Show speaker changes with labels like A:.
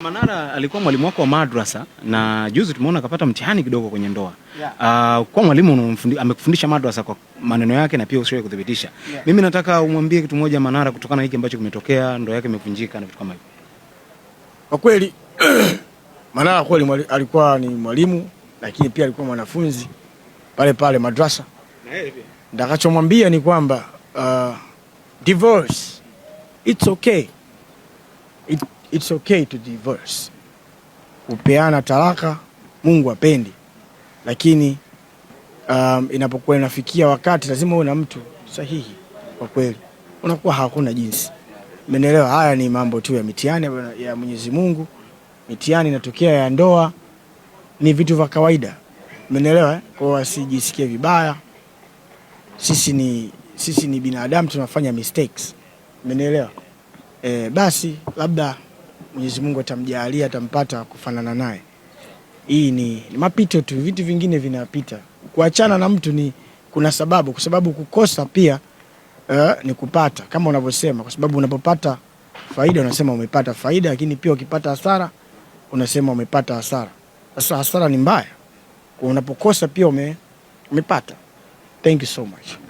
A: Manara alikuwa mwalimu wako wa madrasa na juzi tumeona akapata mtihani kidogo kwenye ndoa. Yeah. Uh, kwa mwalimu amekufundisha madrasa kwa maneno yake na pia usiwe kudhibitisha. Yeah. Mimi nataka umwambie kitu moja Manara kutokana na hiki ambacho kimetokea, ndoa yake imevunjika na vitu kama hivyo.
B: Kwa kweli Manara kweli alikuwa ni mwalimu lakini pia alikuwa mwanafunzi pale pale madrasa. Na yeye pia. Ndakachomwambia ni kwamba uh, divorce it's okay it, it's okay to divorce. Kupeana talaka Mungu apendi, lakini um, inapokuwa inafikia wakati lazima uwe na mtu sahihi kwa kweli, unakuwa hakuna jinsi. menelewa Haya ni mambo tu ya mitihani ya Mwenyezi Mungu. Mitihani inatokea ya ndoa, ni vitu vya kawaida. menelewa. Eh? Kwa Kwa wasijisikie vibaya, sisi ni sisi ni binadamu tunafanya mistakes. menelewa e, basi labda Mwenyezi Mungu atamjalia atampata kufanana naye. Hii ni, ni mapito tu, vitu vingine vinapita. Kuachana na mtu ni kuna sababu, kwa sababu kukosa pia e, ni kupata kama unavyosema, kwa sababu unapopata faida unasema umepata faida, lakini pia ukipata hasara unasema umepata hasara. Sasa hasara ni mbaya, unapokosa pia ume, umepata. Thank you so much.